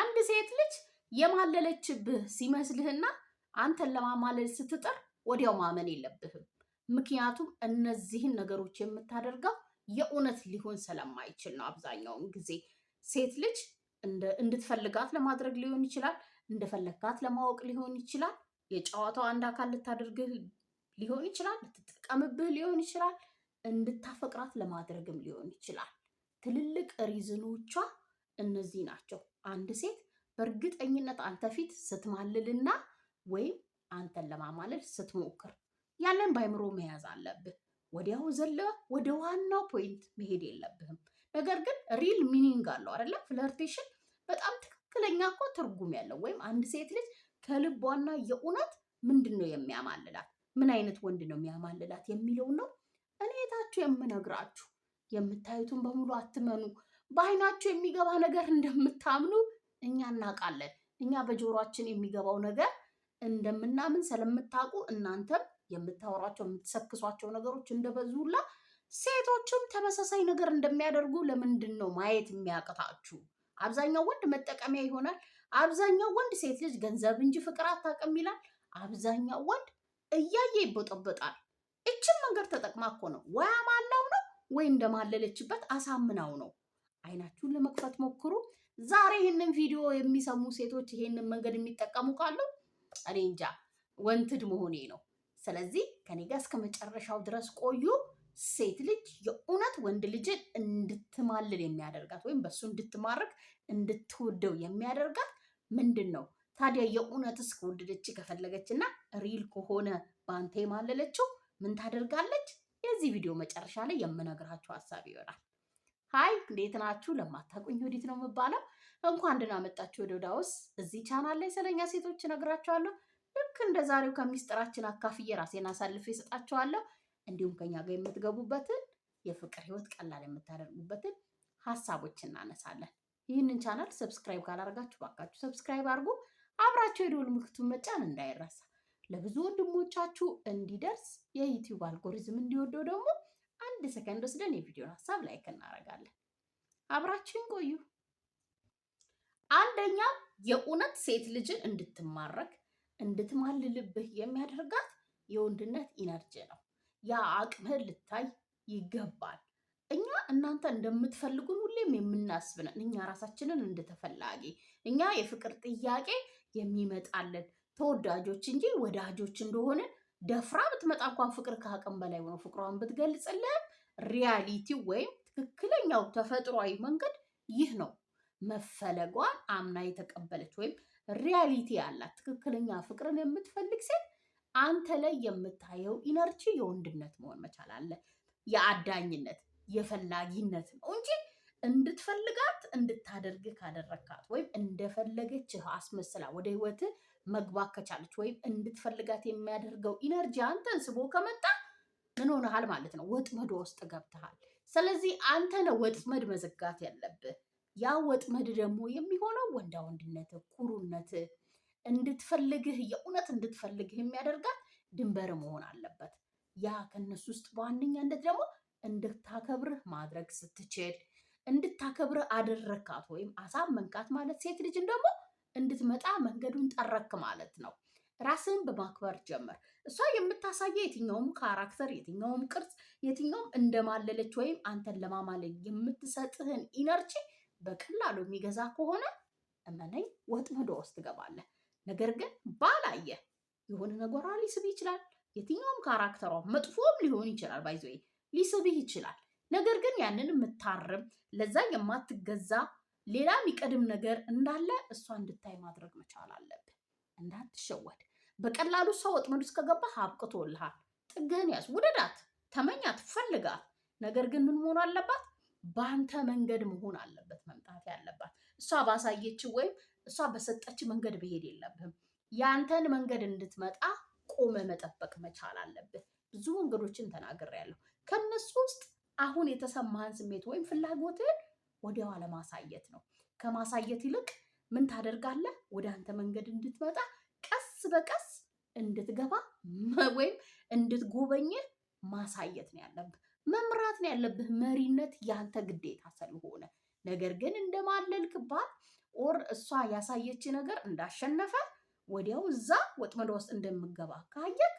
አንድ ሴት ልጅ የማለለችብህ ሲመስልህና አንተን ለማማለል ስትጥር ወዲያው ማመን የለብህም። ምክንያቱም እነዚህን ነገሮች የምታደርገው የእውነት ሊሆን ስለማይችል ነው። አብዛኛውን ጊዜ ሴት ልጅ እንድትፈልጋት ለማድረግ ሊሆን ይችላል፣ እንደፈለጋት ለማወቅ ሊሆን ይችላል፣ የጨዋታው አንድ አካል ልታደርግህ ሊሆን ይችላል፣ ልትጠቀምብህ ሊሆን ይችላል፣ እንድታፈቅራት ለማድረግም ሊሆን ይችላል። ትልልቅ ሪዝኖቿ እነዚህ ናቸው። አንድ ሴት በእርግጠኝነት አንተ ፊት ስትማልልና ወይም አንተን ለማማለል ስትሞክር ያንን በአይምሮ መያዝ አለብህ። ወዲያው ዘለ ወደ ዋናው ፖይንት መሄድ የለብህም። ነገር ግን ሪል ሚኒንግ አለው አይደለ? ፍለርቴሽን በጣም ትክክለኛ እኮ ትርጉም ያለው ወይም አንድ ሴት ልጅ ከልቧና የእውነት ምንድን ነው የሚያማልላት፣ ምን አይነት ወንድ ነው የሚያማልላት የሚለው ነው። እኔ የታችሁ የምነግራችሁ የምታዩትን በሙሉ አትመኑ። በአይናቸው የሚገባ ነገር እንደምታምኑ እኛ እናውቃለን። እኛ በጆሯችን የሚገባው ነገር እንደምናምን ስለምታውቁ እናንተም የምታወሯቸው የምትሰክሷቸው ነገሮች እንደበዙላ ሴቶችም ተመሳሳይ ነገር እንደሚያደርጉ ለምንድን ነው ማየት የሚያቅታችሁ? አብዛኛው ወንድ መጠቀሚያ ይሆናል። አብዛኛው ወንድ ሴት ልጅ ገንዘብ እንጂ ፍቅር አታውቅም ይላል። አብዛኛው ወንድ እያየ ይቦጠበጣል። ይችን መንገድ ተጠቅማ እኮ ነው ወይ አማላው ነው ወይ እንደማለለችበት አሳምናው ነው። አይናችሁን ለመክፈት ሞክሩ። ዛሬ ይህንን ቪዲዮ የሚሰሙ ሴቶች ይሄንን መንገድ የሚጠቀሙ ካሉ እኔ እንጃ ወንትድ መሆኔ ነው። ስለዚህ ከኔ ጋር እስከ መጨረሻው ድረስ ቆዩ። ሴት ልጅ የእውነት ወንድ ልጅን እንድትማልል የሚያደርጋት ወይም በሱ እንድትማርክ እንድትወደው የሚያደርጋት ምንድን ነው ታዲያ? የእውነት እስከወደደች ከፈለገች እና ሪል ከሆነ ባንተ የማለለችው ምን ታደርጋለች? የዚህ ቪዲዮ መጨረሻ ላይ የምነግራችሁ ሀሳብ ይሆናል። ሀይ እንዴት ናችሁ? ለማታውቁኝ ነው የምባለው። እንኳን ደህና መጣችሁ ወደ እዚህ ቻናል ላይ ስለኛ ሴቶች እነግራችኋለሁ። ልክ እንደ ዛሬው ከምስጢራችን አካፍዬ ራሴን አሳልፌ እሰጣችኋለሁ። እንዲሁም ከኛ ጋር የምትገቡበትን የፍቅር ህይወት ቀላል የምታደርጉበትን ሀሳቦች እናነሳለን። ይህንን ቻናል ሰብስክራይብ ካላደርጋችሁ ባካችሁ ሰብስክራይብ አድርጉ። አብራችሁ የደወል ምልክቱን መጫን እንዳይረሳ። ለብዙ ወንድሞቻችሁ እንዲደርስ የዩቲዩብ አልጎሪዝም እንዲወደው ደግሞ አንድ ሰከንድ ወስደን የቪዲዮን ሀሳብ ላይክ እናደርጋለን። አብራችን ቆዩ። አንደኛ የእውነት ሴት ልጅን እንድትማረክ እንድትማልልብህ የሚያደርጋት የወንድነት ኢነርጂ ነው። ያ አቅምህን ልታይ ይገባል። እኛ እናንተ እንደምትፈልጉን ሁሌም የምናስብነን እኛ ራሳችንን እንደተፈላጊ እኛ የፍቅር ጥያቄ የሚመጣልን ተወዳጆች እንጂ ወዳጆች እንደሆንን ደፍራ ብትመጣ እንኳን ፍቅር ከአቅም በላይ ሆኖ ፍቅሯን ብትገልጽልን ሪያሊቲው ወይም ትክክለኛው ተፈጥሯዊ መንገድ ይህ ነው። መፈለጓን አምና የተቀበለች ወይም ሪያሊቲ ያላት ትክክለኛ ፍቅርን የምትፈልግ ሴት አንተ ላይ የምታየው ኢነርጂ የወንድነት መሆን መቻል አለ። የአዳኝነት የፈላጊነት ነው እንጂ እንድትፈልጋት እንድታደርግ ካደረግካት ወይም እንደፈለገች አስመስላ ወደ ህይወት መግባት ከቻለች ወይም እንድትፈልጋት የሚያደርገው ኢነርጂ አንተን ስቦ ከመጣ ምን ሆነሃል ማለት ነው፣ ወጥመድ ውስጥ ገብተሃል። ስለዚህ አንተ ነው ወጥመድ መዘጋት ያለብህ። ያ ወጥመድ ደግሞ የሚሆነው ወንዳ ወንድነት፣ ኩሩነት እንድትፈልግህ የእውነት እንድትፈልግህ የሚያደርጋት ድንበር መሆን አለበት። ያ ከነሱ ውስጥ በዋነኛነት ደግሞ እንድታከብርህ ማድረግ ስትችል እንድታከብርህ አደረካት ወይም አሳመንካት ማለት ሴት ልጅን ደግሞ እንድትመጣ መንገዱን ጠረክ ማለት ነው። ራስን በማክበር ጀምር እሷ የምታሳየው የትኛውም ካራክተር፣ የትኛውም ቅርጽ፣ የትኛውም እንደማለለች ወይም አንተን ለማማለል የምትሰጥህን ኢነርጂ በቀላሉ የሚገዛ ከሆነ እመነኝ ወጥመድ ውስጥ ትገባለህ። ነገር ግን ባላየ የሆነ ነገሯ ሊስብ ይችላል። የትኛውም ካራክተሯ መጥፎም ሊሆን ይችላል፣ ባይዘ ሊስብህ ይችላል። ነገር ግን ያንን የምታርም ለዛ የማትገዛ ሌላ የሚቀድም ነገር እንዳለ እሷ እንድታይ ማድረግ መቻል አለብህ። እንዳትሸወድ። በቀላሉ ሰው ወጥመድ ውስጥ ከገባህ አብቅቶልሃል። ጥግህን ያዝ። ውደዳት፣ ተመኛት፣ ፈልጋት። ነገር ግን ምን መሆን አለባት? በአንተ መንገድ መሆን አለበት መምጣት ያለባት። እሷ ባሳየች ወይም እሷ በሰጠች መንገድ መሄድ የለብህም። ያንተን መንገድ እንድትመጣ ቆመ መጠበቅ መቻል አለብህ። ብዙ መንገዶችን ተናግሬያለሁ። ከነሱ ውስጥ አሁን የተሰማህን ስሜት ወይም ፍላጎትህን ወዲያው አለማሳየት ነው። ከማሳየት ይልቅ ምን ታደርጋለህ? ወደ አንተ መንገድ እንድትመጣ ቀስ በቀስ እንድትገባ ወይም እንድትጎበኝህ ማሳየት ነው ያለብህ። መምራት ነው ያለብህ። መሪነት ያንተ ግዴታ ስለሆነ ነገር ግን እንደማለልክባት ኦር እሷ ያሳየች ነገር እንዳሸነፈ ወዲያው እዛ ወጥመድ ውስጥ እንደምገባ ካየክ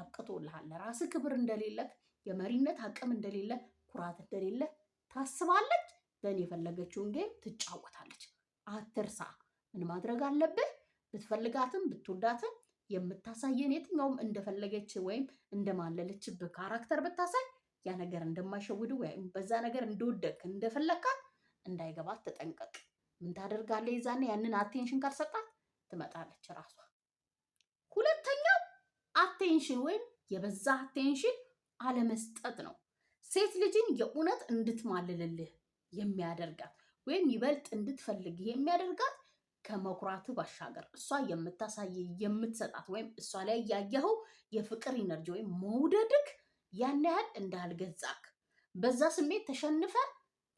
አብቅቶልሃል። ራስ ክብር እንደሌለ የመሪነት አቅም እንደሌለ፣ ኩራት እንደሌለ ታስባለች። ደን የፈለገችውን ጌም ትጫወታለች። አትርሳ። ምን ማድረግ አለብህ? ብትፈልጋትም ብትወዳትም የምታሳየን የትኛውም እንደፈለገች ወይም እንደማለለችብህ ካራክተር ብታሳይ ያ ነገር እንደማይሸውድ ወይም በዛ ነገር እንደወደቅ እንደፈለግካት እንዳይገባት ተጠንቀቅ። ምን ታደርጋለህ? ይዛኔ ያንን አቴንሽን ካልሰጣት ትመጣለች ራሷ። ሁለተኛው አቴንሽን ወይም የበዛ አቴንሽን አለመስጠት ነው። ሴት ልጅን የእውነት እንድትማልልልህ የሚያደርጋት ወይም ይበልጥ እንድትፈልግ የሚያደርጋት ከመኩራት ባሻገር እሷ የምታሳይ የምትሰጣት ወይም እሷ ላይ ያየኸው የፍቅር ኢነርጂ ወይም መውደድክ ያን ያህል እንዳልገዛክ በዛ ስሜት ተሸንፈ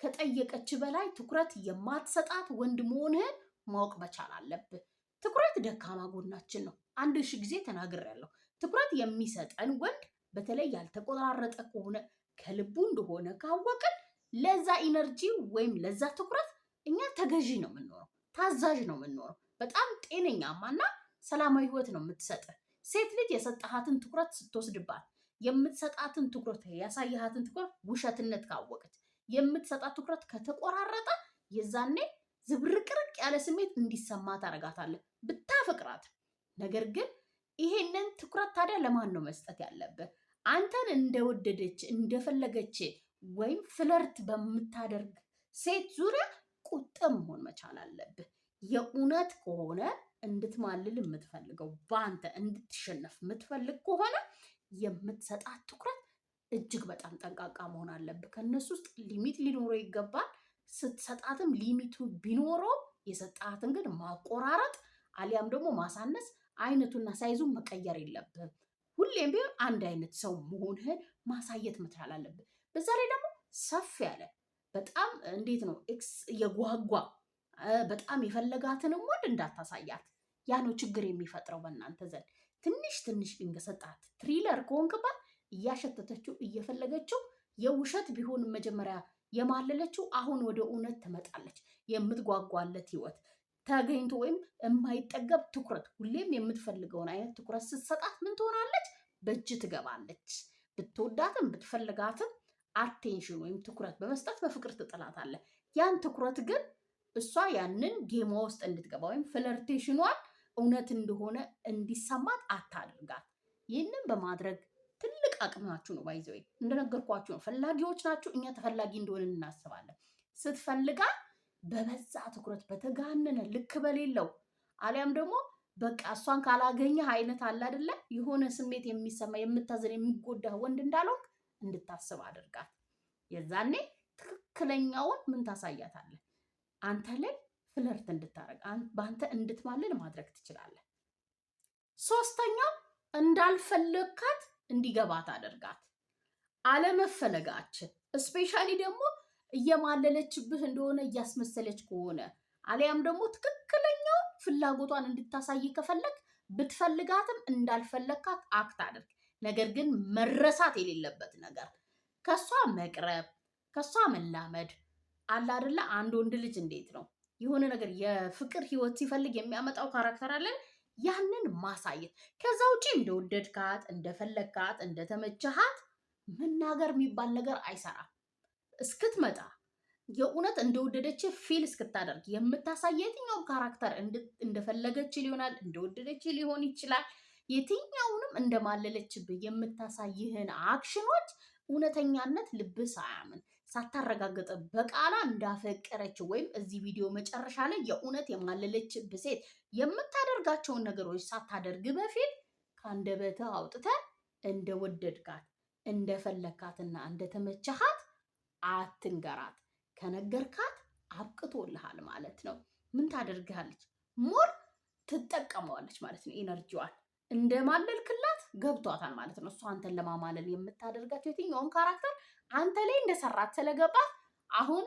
ከጠየቀች በላይ ትኩረት የማትሰጣት ወንድ መሆንህን ማወቅ መቻል አለብህ። ትኩረት ደካማ ጎናችን ነው። አንድ ሺ ጊዜ ተናግሬያለሁ። ትኩረት የሚሰጠን ወንድ በተለይ ያልተቆራረጠ ከሆነ ከልቡ እንደሆነ ካወቅን ለዛ ኢነርጂ ወይም ለዛ ትኩረት እኛ ተገዢ ነው የምንኖረው፣ ታዛዥ ነው የምንኖረው። በጣም ጤነኛማና ሰላማዊ ህይወት ነው የምትሰጥ ሴት ልጅ የሰጠሃትን ትኩረት ስትወስድባት የምትሰጣትን ትኩረት ያሳየሃትን ትኩረት ውሸትነት ካወቅት የምትሰጣት ትኩረት ከተቆራረጠ የዛኔ ዝብርቅርቅ ያለ ስሜት እንዲሰማ ታደርጋታለህ ብታፈቅራት። ነገር ግን ይሄንን ትኩረት ታዲያ ለማን ነው መስጠት ያለብህ? አንተን እንደወደደች እንደፈለገች ወይም ፍለርት በምታደርግ ሴት ዙሪያ ቁጥብ መሆን መቻል አለብህ። የእውነት ከሆነ እንድትማልል የምትፈልገው በአንተ እንድትሸነፍ የምትፈልግ ከሆነ የምትሰጣት ትኩረት እጅግ በጣም ጠንቃቃ መሆን አለብህ። ከእነሱ ውስጥ ሊሚት ሊኖረው ይገባል። ስትሰጣትም ሊሚቱ ቢኖረው የሰጣትን ግን ማቆራረጥ አሊያም ደግሞ ማሳነስ፣ አይነቱና ሳይዙን መቀየር የለብህም። ሁሌም ቢሆን አንድ አይነት ሰው መሆንህን ማሳየት መቻል አለብህ። በዛ ላይ ደግሞ ሰፍ ያለ በጣም እንዴት ነው ኤክስ እየጓጓ በጣም የፈለጋትንም ወንድ እንዳታሳያት ያ ነው ችግር የሚፈጥረው በእናንተ ዘንድ። ትንሽ ትንሽ ቢንገሰጣት ትሪለር ከሆንክባት እያሸተተችው እየፈለገችው የውሸት ቢሆንም መጀመሪያ የማለለችው አሁን ወደ እውነት ትመጣለች። የምትጓጓለት ህይወት ተገኝቶ ወይም የማይጠገብ ትኩረት፣ ሁሌም የምትፈልገውን አይነት ትኩረት ስትሰጣት ምን ትሆናለች? በእጅ ትገባለች። ብትወዳትም ብትፈልጋትም አቴንሽን ወይም ትኩረት በመስጠት በፍቅር ትጥላታለህ። ያን ትኩረት ግን እሷ ያንን ጌማ ውስጥ እንድትገባ ወይም ፍለርቴሽኗን እውነት እንደሆነ እንዲሰማት አታድርጋት። ይህንን በማድረግ ትልቅ አቅማችሁ ነው። ባይዘ እንደነገርኳችሁ ነው። ፈላጊዎች ናችሁ። እኛ ተፈላጊ እንደሆነ እናስባለን። ስትፈልጋት በበዛ ትኩረት በተጋነነ ልክ በሌለው አሊያም ደግሞ በቃ እሷን ካላገኘህ አይነት አለ አይደለ የሆነ ስሜት የሚሰማ የምታዘን የሚጎዳህ ወንድ እንዳልሆንክ እንድታስብ አድርጋት። የዛኔ ትክክለኛውን ምን ታሳያታለህ? አንተ ላይ ፍለርት እንድታረግ በአንተ እንድትማልል ማድረግ ትችላለህ። ሶስተኛው እንዳልፈለግካት እንዲገባት አድርጋት። አለመፈለጋችን ስፔሻሊ ደግሞ እየማለለችብህ እንደሆነ እያስመሰለች ከሆነ አሊያም ደግሞ ትክክለኛው ፍላጎቷን እንድታሳይ ከፈለግ ብትፈልጋትም እንዳልፈለግካት አክት አድርግ። ነገር ግን መረሳት የሌለበት ነገር ከሷ መቅረብ ከሷ መላመድ አለ አይደለ? አንድ ወንድ ልጅ እንዴት ነው የሆነ ነገር የፍቅር ህይወት ሲፈልግ የሚያመጣው ካራክተር አለን ያንን ማሳየት። ከዛ ውጪ እንደወደድካት፣ እንደፈለግካት፣ እንደተመቸሃት መናገር የሚባል ነገር አይሰራም። እስክትመጣ የእውነት እንደወደደች ፊል እስክታደርግ የምታሳይ የትኛውም ካራክተር እንደፈለገች ሊሆናል እንደወደደች ሊሆን ይችላል የትኛውንም እንደማለለችብህ የምታሳይህን አክሽኖች እውነተኛነት ልብህ ሳያምን ሳታረጋገጠ በቃላ እንዳፈቀረችው ወይም እዚህ ቪዲዮ መጨረሻ ላይ የእውነት የማለለችብህ ሴት የምታደርጋቸውን ነገሮች ሳታደርግ በፊት ከአንደበትህ አውጥተህ እንደወደድካት እንደፈለካትና እንደተመቸሃት አትንገራት። ከነገርካት አብቅቶልሃል ማለት ነው። ምን ታደርግሃለች? ሞር ትጠቀመዋለች ማለት ነው ኢነርጂዋን እንደማለልክላት ገብቷታል ማለት ነው። እሷ አንተን ለማማለል የምታደርጋቸው የትኛውም ካራክተር አንተ ላይ እንደሰራት ስለገባት አሁን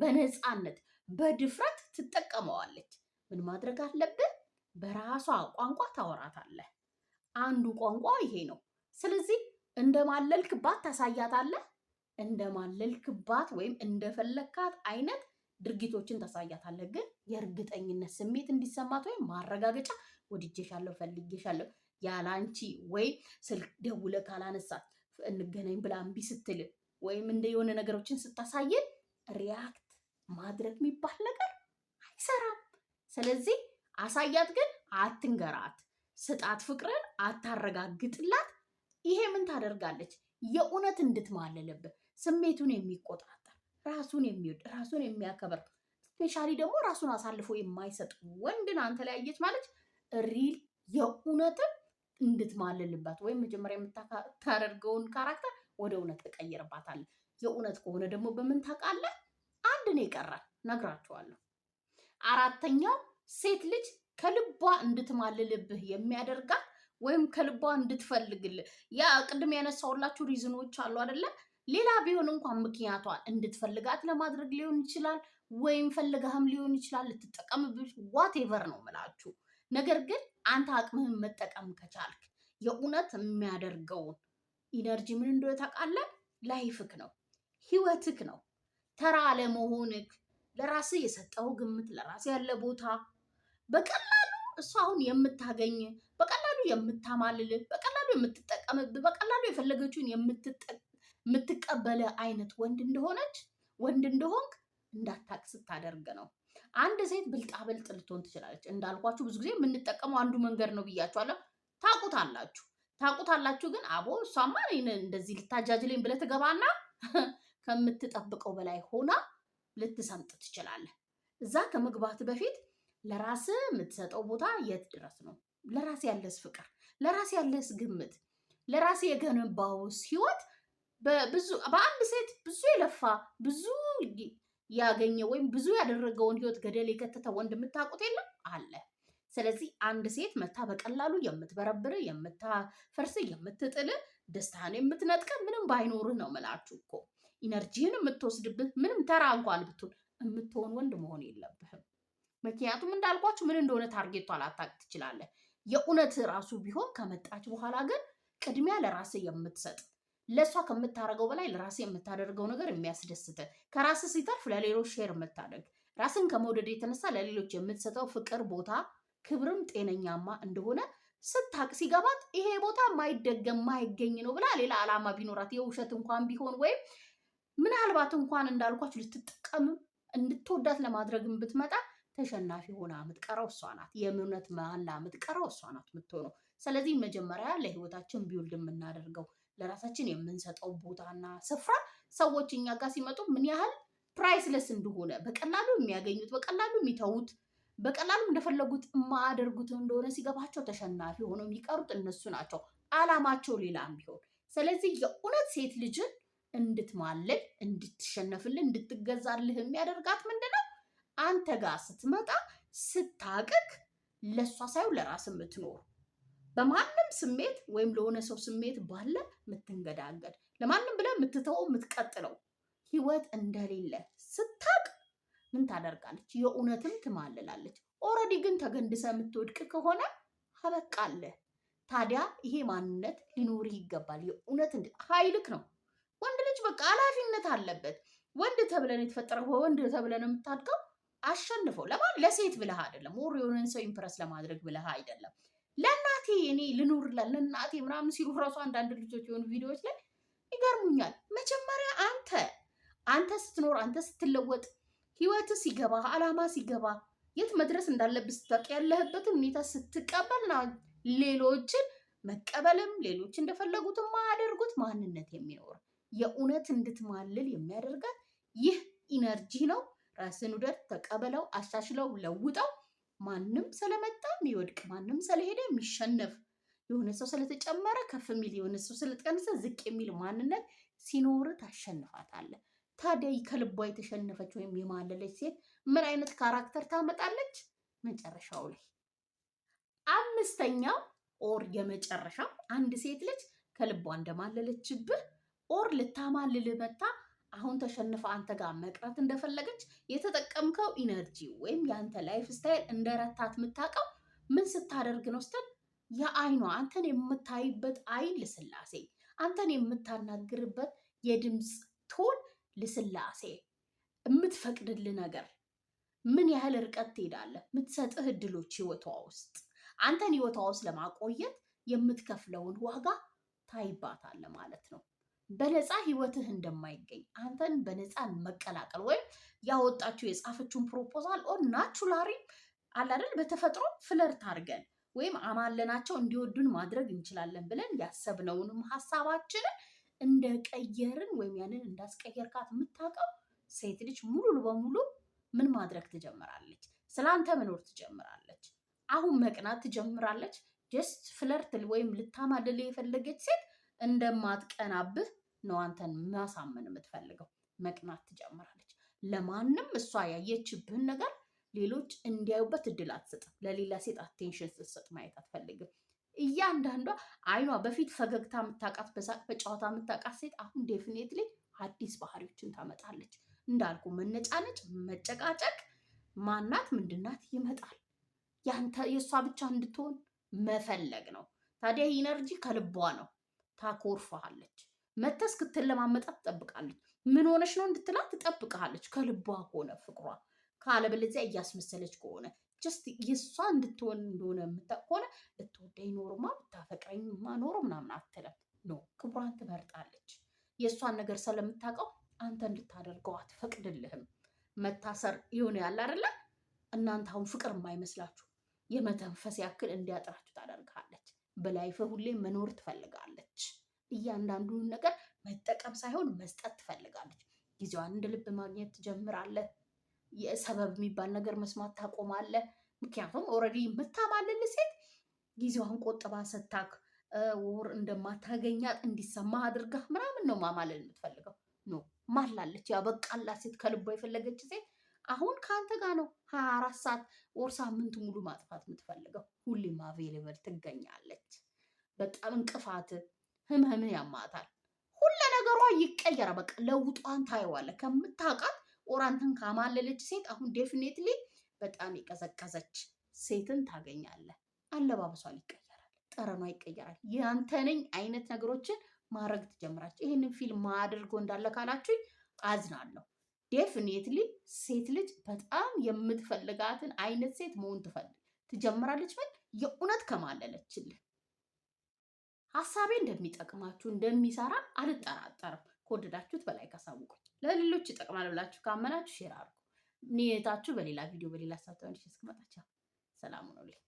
በነፃነት በድፍረት ትጠቀመዋለች። ምን ማድረግ አለብን? በራሷ ቋንቋ ታወራታለህ። አንዱ ቋንቋ ይሄ ነው። ስለዚህ እንደማለልክባት ታሳያታለህ። እንደማለልክባት ወይም እንደፈለግካት አይነት ድርጊቶችን ታሳያታለህ። ግን የእርግጠኝነት ስሜት እንዲሰማት ወይም ማረጋገጫ ወድጄሻለሁ፣ ፈልጌሻለሁ ያላንቺ ወይ ስልክ ደውለ ካላነሳት እንገናኝ ብላ እምቢ ስትል ወይም እንደ የሆነ ነገሮችን ስታሳየን ሪያክት ማድረግ የሚባል ነገር አይሰራም። ስለዚህ አሳያት፣ ግን አትንገራት። ስጣት፣ ፍቅርን አታረጋግጥላት። ይሄ ምን ታደርጋለች? የእውነት እንድትማለልብህ ስሜቱን የሚቆጣ ራሱን የሚወድ ራሱን የሚያከብር ስፔሻሊ ደግሞ ራሱን አሳልፎ የማይሰጥ ወንድን አንተ ላይ አየች ማለት ሪል የእውነትን እንድትማልልባት ወይም መጀመሪያ የምታደርገውን ካራክተር ወደ እውነት ትቀይርባታለ የእውነት ከሆነ ደግሞ በምን ታውቃለህ? አንድ ነው ይቀራል፣ ነግራችኋለሁ። አራተኛው ሴት ልጅ ከልቧ እንድትማልልብህ የሚያደርጋት ወይም ከልቧ እንድትፈልግልህ ያ ቅድም ያነሳውላችሁ ሪዝኖች አሉ አይደለ? ሌላ ቢሆን እንኳን ምክንያቷ እንድትፈልጋት ለማድረግ ሊሆን ይችላል፣ ወይም ፈልገህም ሊሆን ይችላል። ልትጠቀምብሽ ዋቴቨር ነው ምላችሁ። ነገር ግን አንተ አቅምህን መጠቀም ከቻልክ የእውነት የሚያደርገውን ኢነርጂ ምን እንደሆነ ታውቃለህ። ላይፍክ ነው፣ ህይወትክ ነው። ተራ ለመሆንክ ለራስ የሰጠው ግምት፣ ለራስ ያለ ቦታ በቀላሉ እሱ አሁን የምታገኝ በቀላሉ የምታማልልህ በቀላሉ የምትጠቀምብህ በቀላሉ የፈለገችውን የምትጠቀም የምትቀበለ አይነት ወንድ እንደሆነች ወንድ እንደሆንክ እንዳታቅ ስታደርግ ነው። አንድ ሴት ብልጣብልጥ ልትሆን ትችላለች። እንዳልኳችሁ ብዙ ጊዜ የምንጠቀመው አንዱ መንገድ ነው ብያችኋለሁ። ታቁታላችሁ ታቁታላችሁ። ግን አቦ እሷማ እንደዚህ ልታጃጅለኝ ብለህ ትገባና ከምትጠብቀው በላይ ሆና ልትሰምጥ ትችላለህ። እዛ ከመግባት በፊት ለራስ የምትሰጠው ቦታ የት ድረስ ነው? ለራስ ያለስ ፍቅር፣ ለራስ ያለስ ግምት፣ ለራስ የገነባውስ ህይወት በብዙ በአንድ ሴት ብዙ የለፋ ብዙ ያገኘ ወይም ብዙ ያደረገውን ህይወት ገደል የከተተ ወንድ የምታውቁት የለም አለ። ስለዚህ አንድ ሴት መታ በቀላሉ የምትበረብር የምታፈርስ፣ የምትጥል፣ ደስታን የምትነጥቀ ምንም ባይኖርህ ነው ምላችሁ እኮ ኢነርጂህን የምትወስድብህ ምንም ተራ እንኳን ብትሆን የምትሆን ወንድ መሆን የለብህም። ምክንያቱም እንዳልኳችሁ ምን እንደሆነ ታርጌቷ አላታቅ ትችላለህ። የእውነት ራሱ ቢሆን ከመጣች በኋላ ግን ቅድሚያ ለራስህ የምትሰጥ ለእሷ ከምታደርገው በላይ ለራሴ የምታደርገው ነገር የሚያስደስት ከራስ ሲተርፍ ለሌሎች ሼር የምታደርግ ራስን ከመውደድ የተነሳ ለሌሎች የምትሰጠው ፍቅር፣ ቦታ፣ ክብርም ጤነኛማ እንደሆነ ስታቅ ሲገባት ይሄ ቦታ ማይደገም ማይገኝ ነው ብላ ሌላ ዓላማ ቢኖራት የውሸት እንኳን ቢሆን ወይም ምናልባት እንኳን እንዳልኳችሁ ልትጠቀም እንድትወዳት ለማድረግም ብትመጣ ተሸናፊ ሆና የምትቀረው እሷ ናት። የእምነት መላ የምትቀረው እሷ ናት የምትሆነው። ስለዚህ መጀመሪያ ለህይወታችን ቢውልድ የምናደርገው ለራሳችን የምንሰጠው ቦታና ስፍራ ሰዎች እኛ ጋር ሲመጡ ምን ያህል ፕራይስለስ እንደሆነ በቀላሉ የሚያገኙት በቀላሉ የሚተዉት በቀላሉ እንደፈለጉት የማያደርጉት እንደሆነ ሲገባቸው ተሸናፊ ሆነው የሚቀሩት እነሱ ናቸው። አላማቸው ሌላም ቢሆን ስለዚህ የእውነት ሴት ልጅን እንድትማልል እንድትሸነፍልን እንድትገዛልህ የሚያደርጋት ምንድነው? አንተ ጋር ስትመጣ ስታቅቅ ለእሷ ሳይሆን ለራስ የምትኖር በማንም ስሜት ወይም ለሆነ ሰው ስሜት ባለ የምትንገዳገድ ለማንም ብለ የምትተው የምትቀጥለው ህይወት እንደሌለ ስታቅ ምን ታደርጋለች? የእውነትም ትማልላለች። ኦረዲ ግን ተገንድሰ የምትወድቅ ከሆነ አበቃለህ። ታዲያ ይሄ ማንነት ሊኖርህ ይገባል። የእውነት ኃይልክ ነው። ወንድ ልጅ በቃ ኃላፊነት አለበት። ወንድ ተብለን የተፈጠረው ወንድ ተብለን የምታድገው አሸንፈው ለማን ለሴት ብለህ አይደለም። ሞር የሆነን ሰው ኢምፕረስ ለማድረግ ብለህ አይደለም። ለእናቴ እኔ ልኖርላል ለእናቴ ምናምን ሲሉ ራሱ አንዳንድ ልጆች የሆኑ ቪዲዮዎች ላይ ይገርሙኛል። መጀመሪያ አንተ አንተ ስትኖር አንተ ስትለወጥ ህይወት ሲገባ አላማ ሲገባ የት መድረስ እንዳለብህ ስታውቅ ያለህበትን ሁኔታ ስትቀበልና ሌሎችን መቀበልም ሌሎች እንደፈለጉት ማያደርጉት ማንነት የሚኖር የእውነት እንድትማልል የሚያደርጋት ይህ ኢነርጂ ነው። ራስን ውደድ፣ ተቀበለው፣ አሻሽለው፣ ለውጠው። ማንም ስለመጣ የሚወድቅ ማንም ስለሄደ የሚሸነፍ የሆነ ሰው ስለተጨመረ ከፍ የሚል የሆነ ሰው ስለተቀነሰ ዝቅ የሚል ማንነት ሲኖር ታሸንፋታለህ። ታዲያ ከልቧ የተሸነፈች ወይም የማለለች ሴት ምን አይነት ካራክተር ታመጣለች? መጨረሻው ላይ አምስተኛው ኦር የመጨረሻው አንድ ሴት ልጅ ከልቧ እንደማለለችብህ ኦር ልታማልልህ መጣ። አሁን ተሸንፈ አንተ ጋር መቅረት እንደፈለገች የተጠቀምከው ኢነርጂ ወይም የአንተ ላይፍ ስታይል እንደረታት የምታውቀው ምን ስታደርግ ነው ስትል የአይኗ አንተን የምታይበት አይን ልስላሴ፣ አንተን የምታናግርበት የድምፅ ቶን ልስላሴ፣ የምትፈቅድል ነገር ምን ያህል ርቀት ትሄዳለህ፣ የምትሰጥህ እድሎች ህይወቷ ውስጥ አንተን ህይወቷ ውስጥ ለማቆየት የምትከፍለውን ዋጋ ታይባታለህ ማለት ነው። በነፃ ህይወትህ እንደማይገኝ አንተን በነፃ መቀላቀል ወይም ያወጣችው የጻፈችውን ፕሮፖዛል ኦን ናቹራሊ አላደል በተፈጥሮ ፍለርት አድርገን ወይም አማለናቸው እንዲወዱን ማድረግ እንችላለን ብለን ያሰብነውንም ሀሳባችንን እንደቀየርን ወይም ያንን እንዳስቀየርካት የምታውቀው ሴት ልጅ ሙሉ በሙሉ ምን ማድረግ ትጀምራለች? አንተ መኖር ትጀምራለች። አሁን መቅናት ትጀምራለች። ጀስት ፍለርት ወይም ልታማልል የፈለገች ሴት እንደማትቀናብህ ነው አንተን ማሳመን የምትፈልገው። መቅናት ትጀምራለች። ለማንም እሷ ያየችብህን ነገር ሌሎች እንዲያዩበት እድል አትሰጥም። ለሌላ ሴት አቴንሽን ስትሰጥ ማየት አትፈልግም። እያንዳንዷ አይኗ በፊት ፈገግታ የምታውቃት በሳቅ በጨዋታ የምታውቃት ሴት አሁን ዴፊኔትሊ አዲስ ባህሪዎችን ታመጣለች። እንዳልኩ መነጫነጭ፣ መጨቃጨቅ፣ ማናት ምንድናት ይመጣል። ያንተ የእሷ ብቻ እንድትሆን መፈለግ ነው። ታዲያ ኢነርጂ ከልቧ ነው መተስ መተ እስክትለማመጣት ትጠብቃለች። ምን ሆነች ነው እንድትላት ትጠብቃለች። ከልቧ ከሆነ ፍቅሯ ካለበለዚያ እያስመሰለች ከሆነ ጀስት የእሷ እንድትሆን እንደሆነ የምታውቅ ከሆነ ብትወደኝ ኖርማ ብታፈቅረኝማ ኖሮ ምናምን አትለም። ኖ ክብሯን ትመርጣለች። የእሷን ነገር ስለምታውቀው አንተ እንድታደርገው አትፈቅድልህም። መታሰር ይሆን ያለ አይደለ? እናንተ አሁን ፍቅር የማይመስላችሁ የመተንፈስ ያክል እንዲያጥራችሁ ታደርግሃለች። በላይፈ ሁሌ መኖር ትፈልጋለች። እያንዳንዱን ነገር መጠቀም ሳይሆን መስጠት ትፈልጋለች። ጊዜዋን እንደ ልብ ማግኘት ትጀምራለህ። የሰበብ የሚባል ነገር መስማት ታቆማለህ። ምክንያቱም ኦልሬዲ የምታማልል ሴት ጊዜዋን ቆጥባ ሰታክ ወር እንደማታገኛት እንዲሰማ አድርጋ ምናምን ነው ማማለል የምትፈልገው። ኖ ማላለች። ያበቃላት ሴት ከልቧ የፈለገች ሴት አሁን ከአንተ ጋር ነው ሀያ አራት ሰዓት ወር ሳምንቱ ሙሉ ማጥፋት የምትፈልገው ሁሌም አቬሌበል ትገኛለች። በጣም እንቅፋት ህመምን ያማታል። ሁለ ነገሯ ይቀየራል። በቃ ለውጧን ታየዋለ ከምታውቃት ኦራንትን ካማለለች ሴት አሁን ዴፊኔትሊ በጣም የቀዘቀዘች ሴትን ታገኛለ አለባበሷን ይቀየራል፣ ጠረኗ ይቀየራል። ያንተ አይነት ነገሮችን ማድረግ ትጀምራለች። ይህንን ፊልም ማድርጎ እንዳለ ካላችሁኝ አዝናለሁ። ዴፍኔትሊ ሴት ልጅ በጣም የምትፈልጋትን አይነት ሴት መሆን ትፈልግ ትጀምራለች። በል የእውነት ከማለለችልህ ሀሳቤ እንደሚጠቅማችሁ እንደሚሰራ አልጠራጠርም። ከወደዳችሁት በላይ ካሳውቁኝ፣ ለሌሎች ይጠቅማል ብላችሁ ካመናችሁ ሼር አድርጉ። ኔታችሁ በሌላ ቪዲዮ በሌላ ሳተሆን እስክመጣችሁ ሰላም ሆኖልኝ